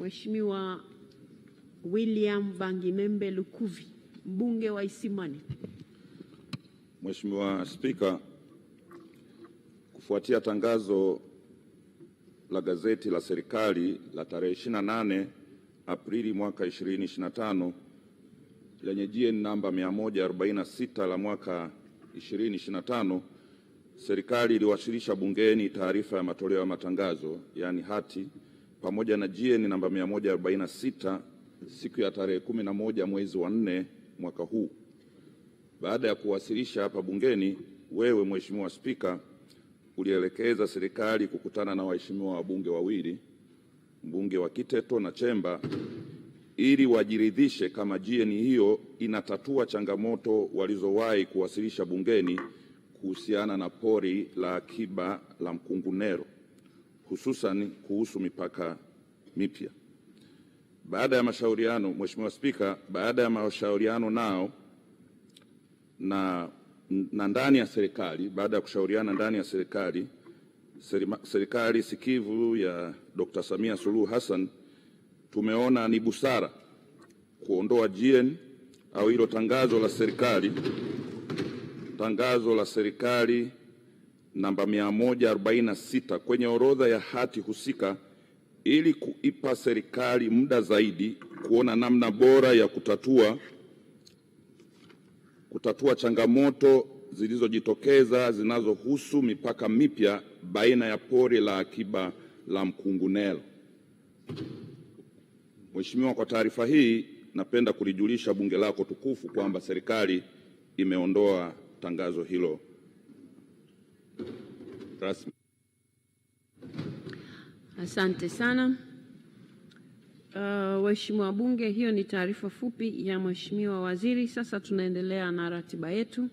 Mheshimiwa William Vangimembe Lukuvi, mbunge wa Isimani. Mheshimiwa Spika, kufuatia tangazo la gazeti la serikali la tarehe 28 Aprili mwaka 2025 lenye GN namba 146 la mwaka 2025, serikali iliwasilisha bungeni taarifa ya matoleo ya matangazo, yaani hati pamoja na GN namba 146 siku ya tarehe 11 mwezi wa 4 mwaka huu. Baada ya kuwasilisha hapa bungeni, wewe Mheshimiwa Spika ulielekeza serikali kukutana na waheshimiwa wabunge wawili, mbunge wa Kiteto na Chemba, ili wajiridhishe kama GN hiyo inatatua changamoto walizowahi kuwasilisha bungeni kuhusiana na pori la akiba la Mkungunero hususan kuhusu mipaka mipya. Baada ya mashauriano, Mheshimiwa Spika, baada ya mashauriano nao na, na ndani ya serikali, baada ya kushauriana ndani ya serikali, serikali sikivu ya Dr. Samia Suluhu Hassan, tumeona ni busara kuondoa GN au hilo tangazo la serikali tangazo la serikali namba 146 kwenye orodha ya hati husika ili kuipa serikali muda zaidi kuona namna bora ya kutatua, kutatua changamoto zilizojitokeza zinazohusu mipaka mipya baina ya pori la akiba la Mkungunelo. Mheshimiwa, kwa taarifa hii napenda kulijulisha bunge lako tukufu kwamba serikali imeondoa tangazo hilo rasmi. Asante sana uh, waheshimiwa wabunge, hiyo ni taarifa fupi ya mheshimiwa waziri. Sasa tunaendelea na ratiba yetu.